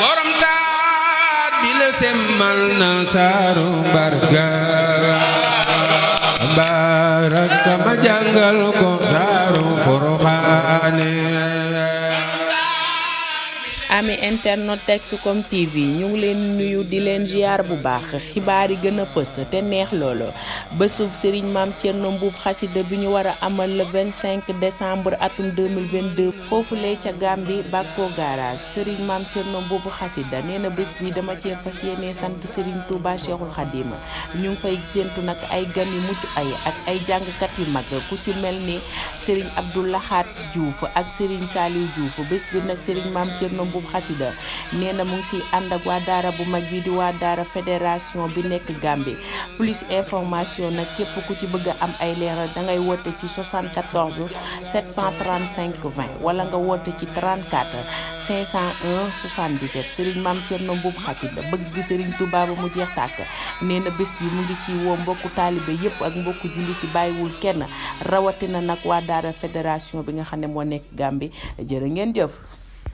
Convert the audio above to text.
borom taat semmal na saaru barka baraka ma jàngal ko saaru furxaane ami internet Texcom TV ñu ngi leen nuyu di leen ziar bu baax xibaar yi gën a fës te neex loolu bésub Serigne Maam Thierno Mbuub xasida bi ñu war a amal le 25 décembre atum 2022 foofulee ca Gambie Bakko garage Serigne Maam Thierno Mbuub xasida nee na bés bi dama cee fas yéenee sant Serigne Touba Cheikhul Khadim ñu ngi fay séentu nag ay gan yu mucc ay ak ay jàngkat yu mag ku ci mel ni Serigne Abdoulla Khat Diouf ak Serigne Saliou Diouf bes bi nak Serigne Mam Thierno Mboum Khassida neena mu ngi ci and ak wa dara bu mag bi di wa dara fédération bi nek Gambie plus information nak kep ku ci bëgg am ay leral da ngay wote ci 74 735 20 wala nga wote ci 34 501 77 maam Mame na Mboup xasida bëgg Serigne Touba ba mu jeex tàkk nee na bés bi mu ngi ci woo mbokku taalibe yëpp ak mbokku jullit ci bàyyiwul kenn rawatina nag waa daara fédération bi nga xam ne moo nekk Gambie jërë ngeen jëf.